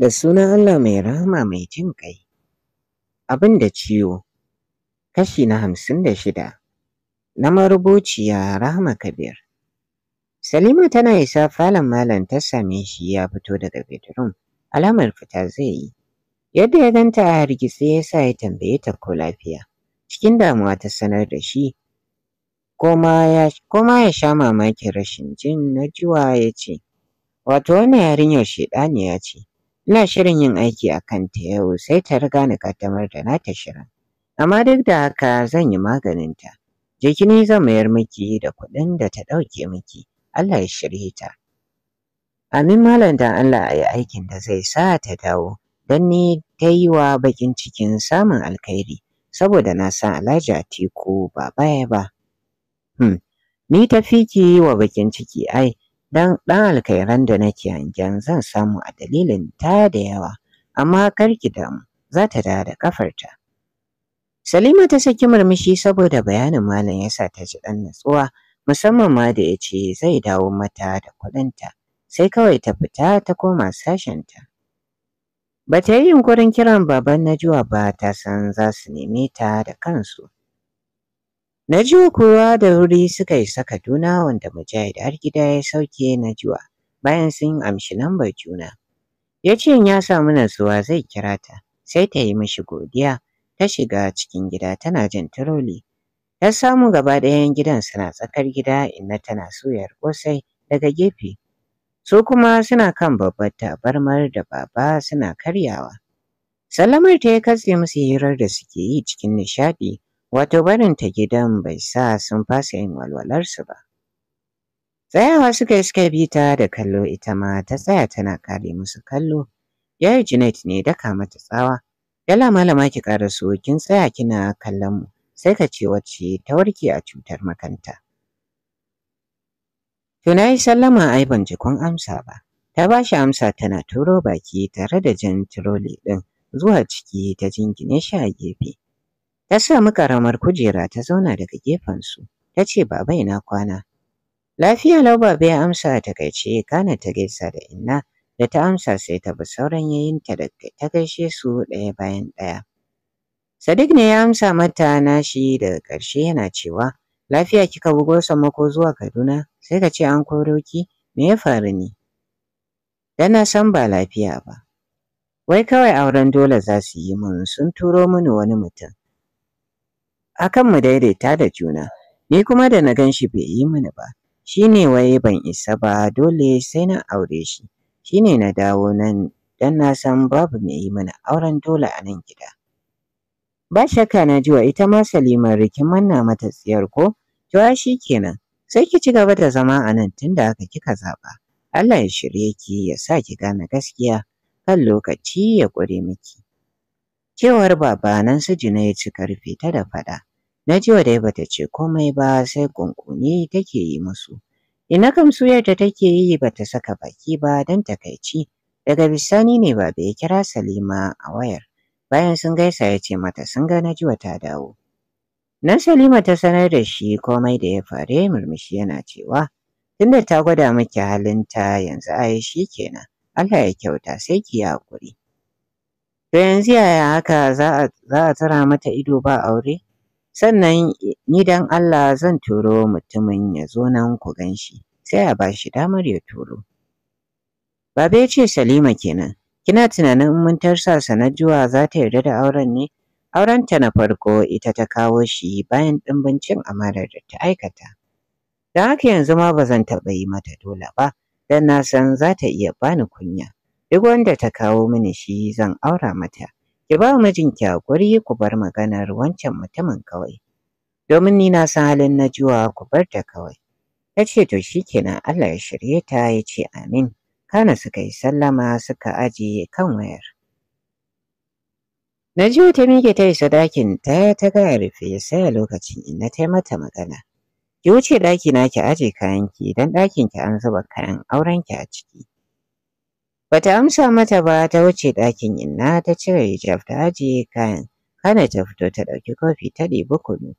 da sunan Allah mai rahama mai jin ƙai. Abin da ciwo, kashi na hamsin da shida, na marubuciya Rahama Kabir. Salima tana isa falon malam ta same shi ya fito daga bedroom, alamar fita zai yi. Yadda ya ganta a hargitse ya sa ya tambaye ta ko lafiya, cikin damuwa ta sanar da shi. Koma ya, ya sha mamakin rashin jin na ya ce, wato wannan yarinyar shaidaniya ce, Ina shirin yin aiki a kanta yau sai ta riga ni kaddamar da ta shirin. Amma duk da haka zan yi maganinta. Jikini zan mayar miki da kuɗin da ta ɗauke miki. Allah ya shirye ta. Amin malam dan Allah a yi aikin da zai sa ta dawo. Don ni ta yi wa baƙin cikin samun alkhairi. Saboda na san Alhaji Atiku ba baya ba. Hmm. Ni ta yi wa baƙin ciki ai. dan ɗan alkairan da nake hangen zan samu a dalilin ta da yawa amma kar ki damu za ta dawo da ƙafarta. Salima ta saki murmushi saboda bayanin malam ya sa ta ji ɗan natsuwa musamman ma da ya ce zai dawo mata da kuɗinta sai kawai ta fita ta koma sashenta. Ba ta yi yunkurin kiran baban Najuwa ba ta san za su neme ta da kansu. Najuwa kowa da wuri suka isa Kaduna wanda Mujahid har gida ya sauke Najuwa bayan sun amshi lambar juna. Ya ce ya samu natsuwa zai kira ta sai ta yi mashi godiya ta shiga cikin gida tana jin turoli. Ta samu gaba ɗayan gidan suna tsakar gida inna tana soyar ƙosai daga gefe. Su kuma suna kan babbar tabarmar da baba suna karyawa. Sallamar ta ya katse musu hirar da suke yi cikin nishaɗi. wato barin ta gidan bai sa sun fasa yin walwalarsu ba. Tsayawa suka yi suka bi ta da kallo ita ma ta tsaya tana kare musu kallo. yi Junaid ne daka mata tsawa. Yala malama ki ƙara so kin tsaya kina kallon mu sai ka ce wacce ta warke a cutar makanta. To na yi sallama ai ban ji kun amsa ba. Ta ba shi amsa tana turo baki tare da jan tiroli ɗin zuwa ciki ta jingine shi a gefe. Ta samu ƙaramar kujera ta zauna daga gefensu, ta ce baba ina kwana. Lafiya lau baba ya amsa a takaice kana ta gaisa da inna da ta amsa sai ta bi sauran yayinta da ta gaishe su ɗaya bayan ɗaya. Sadiq ne ya amsa mata nashi daga ƙarshe yana cewa lafiya kika bugo ko zuwa Kaduna sai ka ce an koro ki me ya faru ne? Dana san ba lafiya ba. Wai kawai auren dole za su yi mun sun turo mini wani mutum. akan mu daidaita da juna ni kuma da na gan shi bai yi mini ba shi ne wai ban isa ba dole sai na aure shi shi ne na dawo nan dan na san babu mai yi mini auren dole a nan gida ba shakka na ji wa ita ma Salima rikiman na mata tsiyar ko to shi kenan sai ki ci gaba da zama a nan tunda haka kika zaba Allah ya shirye ki ya sa ki gane gaskiya kan lokaci ya ƙure miki cewar baba nan su ya ci karfe ta da faɗa Najiwa dai bata ce komai ba sai kunkuni take yi musu. Ina kam su yadda take yi bata saka baki ba don takaici. Daga bisani ne baba ya kira Salima a wayar. Bayan sun gaisa ya ce mata sun ga Najiwa ta dawo. Nan Salima ta sanar da shi komai da ya faru murmushi yana cewa tunda ta gwada miki ta yanzu ai shi kenan. Allah ya kyauta sai ki yi haƙuri. To yanzu yaya haka za a tura mata ido ba aure? sannan ni dan Allah zan turo mutumin ya zo nan ku gan shi sai a bashi damar ya turo. Baba ya ce Salima kenan, kina tunanin in mun tarsa juwa za ta yarda da auren ne? Aurenta na farko ita ta kawo shi bayan dimbincin amarar da ta aikata. Don haka yanzu ma ba zan taɓa yi mata dole ba, dan na san za ta iya bani kunya. Duk wanda ta kawo mini shi zan aura mata. Ki ba mijinki hakuri ku bar maganar wancan mutumin kawai. Domin ni na san halin na jiwa ku bar ta kawai. Ta ce to shikenan Allah ya shirye ta ya ce amin. Kana suka yi sallama suka ajiye kan wayar. Najiwa ta miƙe ta isa ɗakin ta ta gaya rufe sai a lokacin ina ta mata magana. Ki wuce ɗaki na ki aje ki don ɗakin ki an zuba kayan aurenki a ciki. Bata amsa mata ba ta wuce ɗakin inna ta cire hijab ta ajiye kayan. Kana ta fito ta ɗauki kofi ta ɗebi kunu.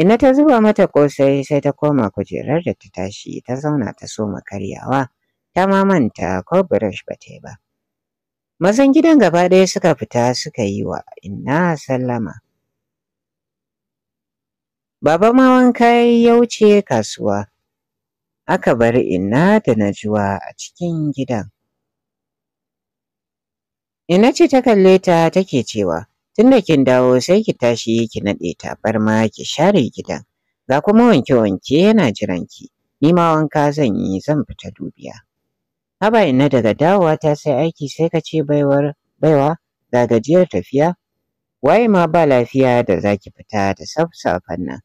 Inna ta zuba mata ƙosai sai ta koma kujerar da ta tashi ta zauna ta soma karyawa. Ta mamanta ko brush ba ta yi ba. Mazan gidan gaba ɗaya suka fita suka yi wa inna sallama. Baba ma wanka ya wuce kasuwa. Aka bar inna da na juwa a cikin gidan. Ina ce ta kalle ta take cewa tunda kin dawo sai ki tashi ki naɗe tabarma ki share gidan. Ga kuma wanke-wanke yana jiran ki. Ni ma wanka zan yi zan fita dubiya. Haba ina daga dawowa ta sai aiki sai ka ce baiwar baiwa ga gajiyar tafiya. Waye ma ba lafiya da zaki fita da safsafan nan.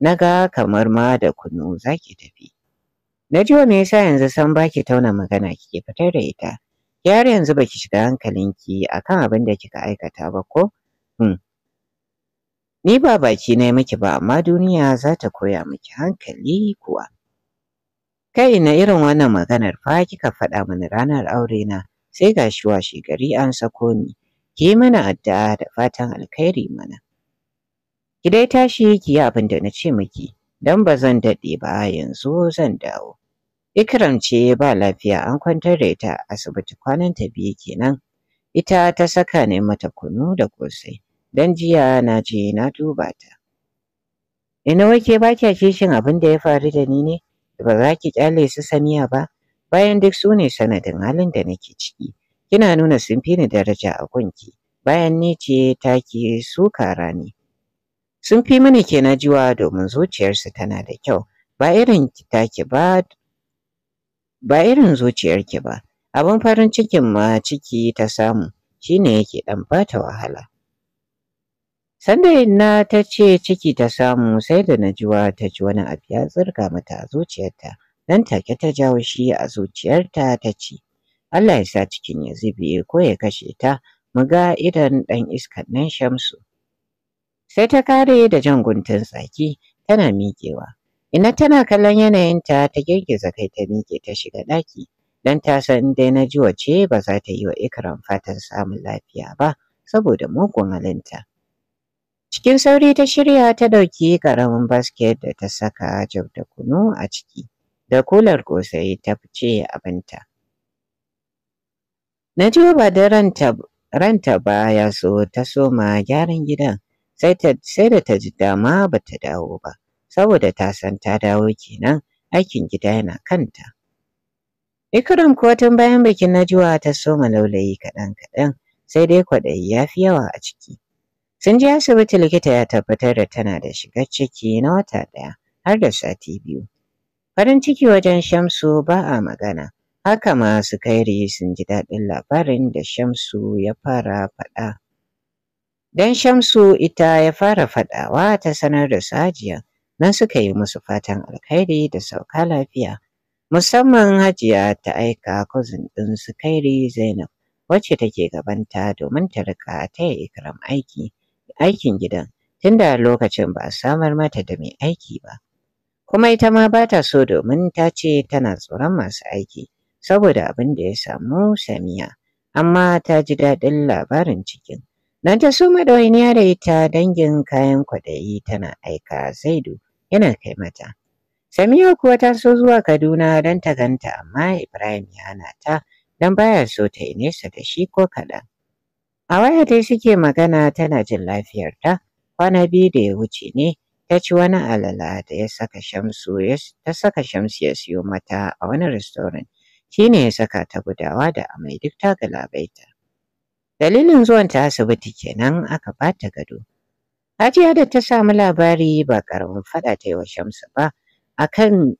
Na ga kamar ma da kunu zaki tafi. Na ji wa me yasa yanzu san ki tauna magana kike fitar da ita. Yar har yanzu ba ki shiga hankalinki a kan abin da kika aikata ba ko? Hmm. Ni ba baki na miki ba amma duniya za ta koya miki hankali kuwa. Kai na irin wannan maganar fa kika faɗa mini ranar aure na sai ga shi washe gari an sako ni. Ki mana addu'a da fatan alkhairi mana. Ki dai tashi ki yi abin da na ce miki don ba zan daɗe ba yanzu zan dawo. Ikram ce ba lafiya an kwantar da ita asibiti kwanan ta biyu kenan. Ita ta saka ne mata kunu da kosai don jiya na je na duba ta. Ina wake ba kya kishin abin da ya faru da ni ne ba za ki kyale su samiya ba bayan duk su ne sanadin halin da nake ciki. Kina nuna sun fi ni daraja a kunki, bayan ni ce ta su kara rani. Sun fi mini ke na jiwa domin zuciyarsu tana da kyau ba irin ki ta take ba ba irin zuciyar ki ba abin farin cikin ma ciki ta samu shine yake dan bata wahala sanda na ta ce ciki ta samu sai da jiwa ta ji wani abu ya tsirga mata a zuciyarta nan take ta jawo shi a zuciyarta ta ce Allah ya sa cikin ya zube ko ya kashe ta mu ga idan dan iskan nan shamsu sai ta kare da jan guntun tsaki tana miƙewa Ina tana kallon yanayinta ta girgiza kai ta miƙe ta shiga ɗaki don ta san dai na ji wace ba za ta yi wa Ikram fatan samun lafiya ba saboda mugun halinta. Cikin sauri ta shirya ta ɗauki ƙaramin basket da ta saka jab da kunu a ciki da kular ƙosai ta fice abinta. Najuwa ba da ranta ba ya so ta soma gyaran gidan sai da ta ji dama ba ta dawo ba. saboda ta san ta dawo kenan aikin gida yana kanta. Ikram kuwa tun bayan bikin Najuwa ta soma laulayi kaɗan-kaɗan sai dai kwaɗayi ya fi yawa a ciki. Sun je asibiti likita ya tabbatar da tana da shigar ciki na wata ɗaya har da sati biyu. Farin ciki wajen Shamsu ba a magana, haka ma su kairi sun ji daɗin labarin da Shamsu ya fara faɗa. Dan Shamsu ita ya fara faɗawa ta sanar da su Sajiya na suka yi musu fatan alkhairi da sauka lafiya. Musamman Hajiya ta aika kuzin ɗin su Kairi Zainab wacce take gabanta domin ta riƙa yi Ikram aiki aikin gidan tunda lokacin ba samar mata da mai aiki ba. Kuma ita ma ba ta so domin ta ce tana tsoron masu aiki saboda abin da ya samu Samiya, amma ta ji daɗin labarin cikin. Nan ta da wani da ita dangin kayan kwaɗayi tana aika Zaidu yana kai mata. Samiya kuwa ta so zuwa Kaduna don ta ganta amma Ibrahim ya hana ta don baya so ta yi nesa da shi ko kaɗan. A waya dai suke magana tana jin lafiyarta kwana biyu da ya wuce ne ta ci wani alala da ya saka shamsu ta saka shamsu ya siyo mata a wani restaurant shi ne ya saka ta gudawa da amai duk ta galabaita. Dalilin zuwan ta asibiti kenan aka ba ta gado. Hajiya da ta samu labari ba ƙaramin faɗa ta yi wa Shamsu ba akan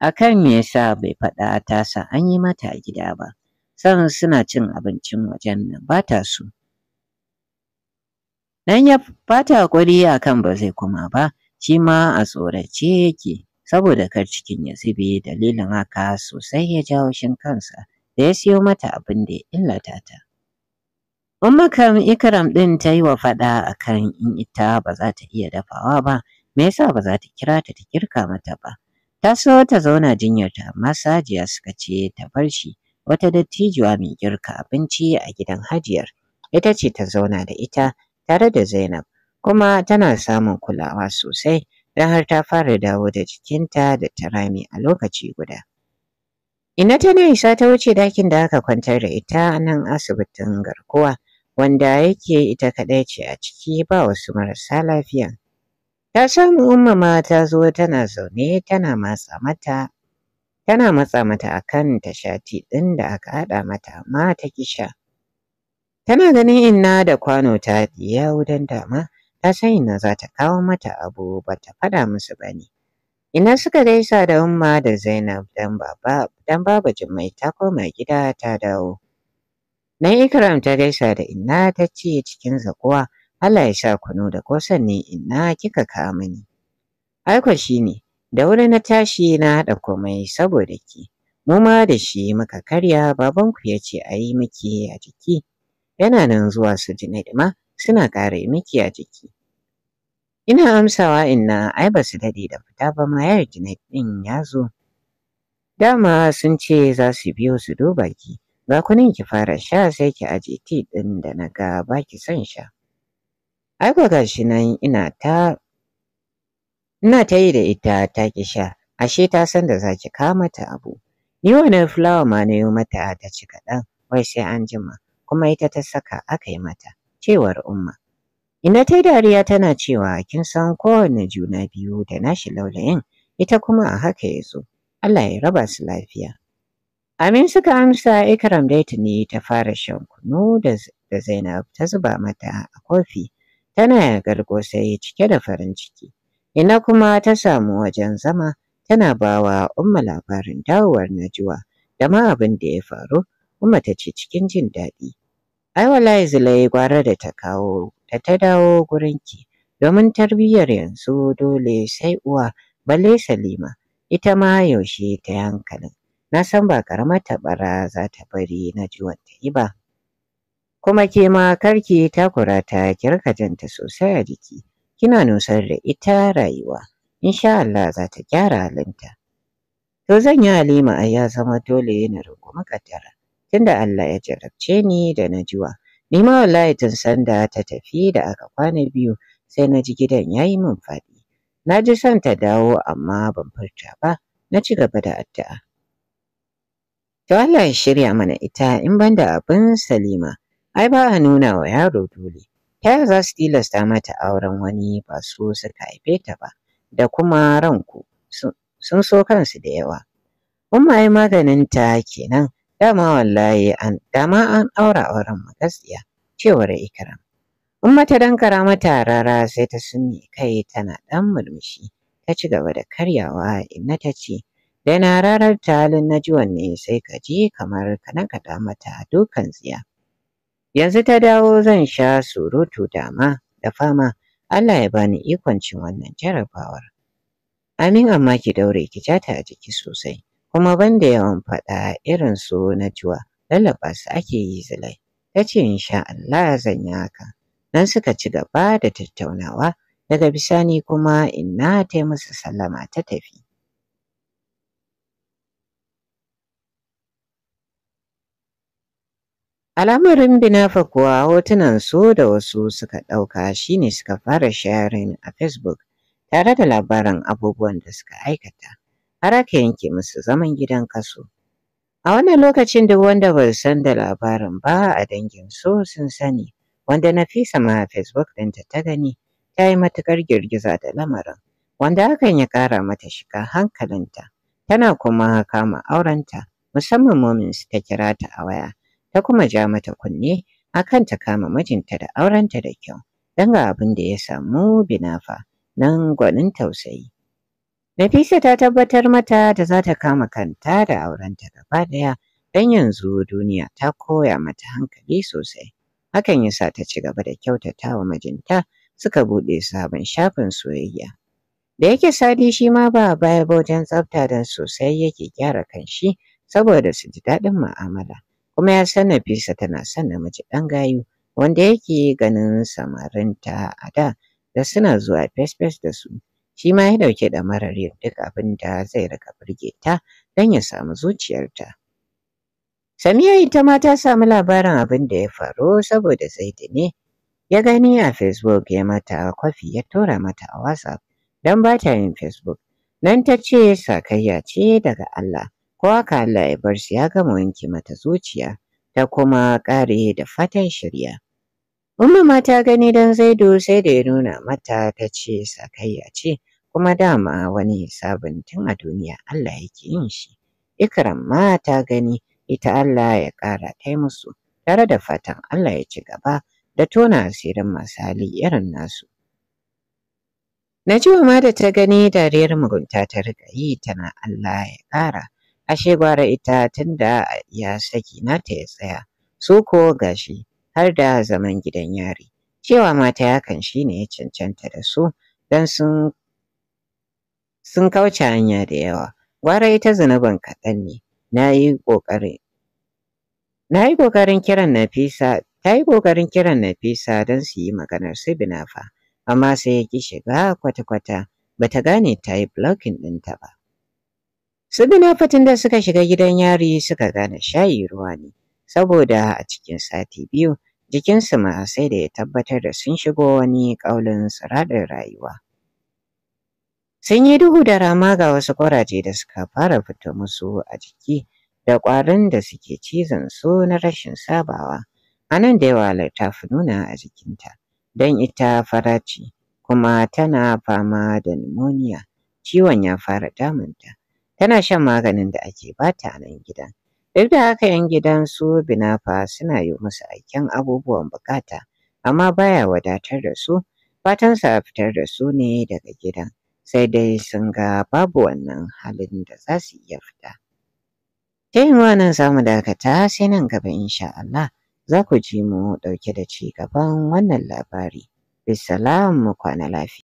akan me yasa bai faɗa ta sa an yi mata a gida ba. San suna cin abincin wajen nan ba ta so. Dan ya bata a kan ba zai kuma ba, shi ma a tsorace yake saboda kar cikin ya zube dalilin haka sosai ya jawo shin kansa da ya siyo mata abin da ya illata ta. Umma kam Ikram ɗin ta yi wa faɗa a kan in ita ba za ta iya dafawa ba, me yasa ba za ta kira ta ta kirka mata ba. Ta so ta zauna jinyarta amma Sajiya suka ce ta bar shi wata dattijuwa mai girka abinci a gidan Hajiyar. Ita ce ta zauna da ita tare da Zainab kuma tana samun kulawa sosai don har ta fara dawo da jikinta da ta rami a lokaci guda. Ina ta isa ta wuce dakin da aka kwantar da ita nan asibitin garkuwa. wanda yake ita kaɗai ce a ciki ba wasu marasa lafiya. Ta samu umma ma ta zo tana zaune tana matsa mata tana matsa mata akan tashati ɗin da aka haɗa mata amma ta kisha. Tana ganin inna da kwano ta ɗiya wudan dama ta san inna za ta kawo mata abu ba ta faɗa musu ba ne. Ina suka gaisa da umma da Zainab dan baba dan baba Jummai ta koma gida ta dawo. Nan Ikram ta gaisa da inna ta ce cikin zakuwa Allah ya sa kunu da kosan ne inna kika kawo mini. Aikon shi ne, da wuri na tashi na haɗa komai saboda ki. Mu ma da shi muka karya babanku ya ce a yi miki a jiki. Yana nan zuwa su ji ma suna ƙara miki a jiki. Ina amsawa inna ai ba su daɗe da fita ba ma yar Junaid ɗin ya zo. Dama sun ce za su biyo su duba ki. Ga kunin ki fara sha sai ki aje ti ɗin da na ga ba ki son sha. Ai kwa gashi nan ina ta ina ta yi da ita ta ki sha, ashe ta san da zaki ki kama abu. Ni wani fulawa ma na yi mata ta ci kaɗan, wai sai an jima, kuma ita ta saka aka yi mata, cewar umma. Ina ta dariya tana cewa kin san kowane juna biyu da nashi laulayin, ita kuma a haka ya zo. Allah ya raba su lafiya. Amin suka amsa Ikram eh, dai tuni ta fara shan kunu da Zainab ta zuba mata a kofi tana gargo sai cike da farin ciki. Ina kuma ta samu wajen zama tana bawa Umma labarin dawowar Najwa da ma abin da ya faru Umma ta ce cikin jin daɗi. Ai wallahi zulai gwara da ta kawo da ta dawo gurin ki, domin tarbiyyar yanzu dole sai uwa balle Salima ita ma yaushe ta hankalin. na san ba ƙaramar tabara za ta bari na ji wanta yi ba. Kuma ke ma karki takura ta ki janta sosai a jiki, kina nusar da ita rayuwa, insha Allah za ta gyara halinta. To zan yi halima a ya zama dole na rungumi kaddara, tunda Allah ya jarabce ni da jiwa. Ni ma wallahi tun sanda ta tafi da aka kwana biyu sai na ji gidan ya yi min faɗi. Na ji son ta dawo amma ban furta ba, na ci gaba da addu'a. To Allah ya shirya mana ita in ban da abin Salima. Ai ba a nuna wa yaro dole. Ta yaya za su tilasta mata auren wani ba su suka haife ta ba da kuma ranku sun so kansu da yawa. Umma ai maganin ta kenan dama wallahi an dama an aura auren magasiya cewar Ikram. Umma ta dankara mata rara sai ta sunne kai tana dan murmushi. ta ci gaba da karyawa inna ta ce Daina rarar ta halin Najuwan ne sai ka ji kamar ka nakaɗa mata dukan tsiya. Yanzu ta dawo zan sha surutu dama da fama Allah ya bani ikon cin wannan jarabawar. Amin amma ki daure ki jata a jiki sosai kuma banda yawan faɗa irin su Najuwa lallaɓa su ake yi zilai. Ta ce insha Allah zan yi haka. Nan suka ci gaba da tattaunawa daga bisani kuma inna ta yi musu sallama ta tafi. Al'amarin Binafa kuwa hotunan su da wasu suka ɗauka shine suka fara sharing a Facebook tare da labarin abubuwan da suka aikata har aka yanke musu zaman gidan kaso. A wannan lokacin duk wanda bai san da labarin ba a dangin su sun sani wanda Nafisa ma Facebook ɗinta ta gani ta yi matuƙar girgiza da lamarin wanda hakan ya ƙara mata shiga hankalinta tana kuma kama aurenta musamman momin ta kira ta a waya. ta kuma ja mata kunne akan ta kama mijinta da aurenta da kyau don ga abin da ya samu binafa nan gwanin tausayi. Nafisa ta tabbatar mata da za ta kama kanta da aurenta gaba ɗaya don yanzu duniya ta koya mata hankali sosai. Hakan ya sa ta ci gaba da ta wa mijinta suka buɗe sabon shafin soyayya. Da yake sadi shi ma ba baya bautan tsafta don sosai yake gyara kanshi saboda su ji daɗin ma'amala. kuma ya san Nafisa tana son namiji ɗan gayu wanda yake ganin samarinta a da da suna zuwa fesfes da su. Shi ma ya ɗauki marar yin duk abin da zai rika birge ta don ya samu zuciyarta. Samiya ita ma ta samu labarin abin da ya faru saboda Zaidu ne ya gani a Facebook ya mata kwafi ya tura mata a WhatsApp don ba ta yin Facebook. Nan ta ce sakayya ce daga Allah. ko haka Allah ya bar su ya gama wanke mata zuciya ta kuma ƙare da fatan shirya. Umma ma ta gani don zaido sai da ya nuna mata ta ce sakayya ce kuma dama wani sabon tun a duniya Allah yake yin shi. Ikram ma ta gani ita Allah ya ƙara ta musu tare da fatan Allah ya ci gaba da tona asirin masu hali irin nasu. Najiwa ma da ta gani dariyar mugunta ta riƙa yi tana Allah ya ƙara. ashe gwara ita tun da ya saki nata ya tsaya su ko gashi har da zaman gidan yari cewa mata yakan shine ya cancanta da su don sun kauce hanya da yawa gwara ita zunuban kaɗan ne na yi ƙoƙarin na yi kiran nafisa ta yi ƙoƙarin kiran nafisa don su yi maganar su binafa amma sai ya ƙi shiga kwata-kwata bata gane ta yi blocking ɗinta ba Su fatin da suka shiga gidan yari suka gane shayi ruwa ne, saboda a cikin sati biyu jikinsu ma sai da ya tabbatar da sun shigo wani ƙaulin tsiraɗin rayuwa. Sun yi duhu da rama ga wasu ƙoraje da suka fara fito musu a jiki da ƙwarin da suke cizon su na rashin sabawa. A nan da yawa ta fi nuna a jikinta, don ita faraci, kuma tana fama da nimoniya, ciwon ya fara damunta. tana shan maganin da ake bata a nan gidan. Duk da haka 'yan gidan su Binafa suna yi musu aikin abubuwan bukata, amma baya wadatar da su, fatan a fitar da su ne daga gidan, sai dai sun ga babu wannan halin da za su iya fita. Ta yin wannan samu dakata sai nan gaba insha Allah za ku ji mu ɗauke da ci gaban wannan labari. Bisalamu kwana lafiya.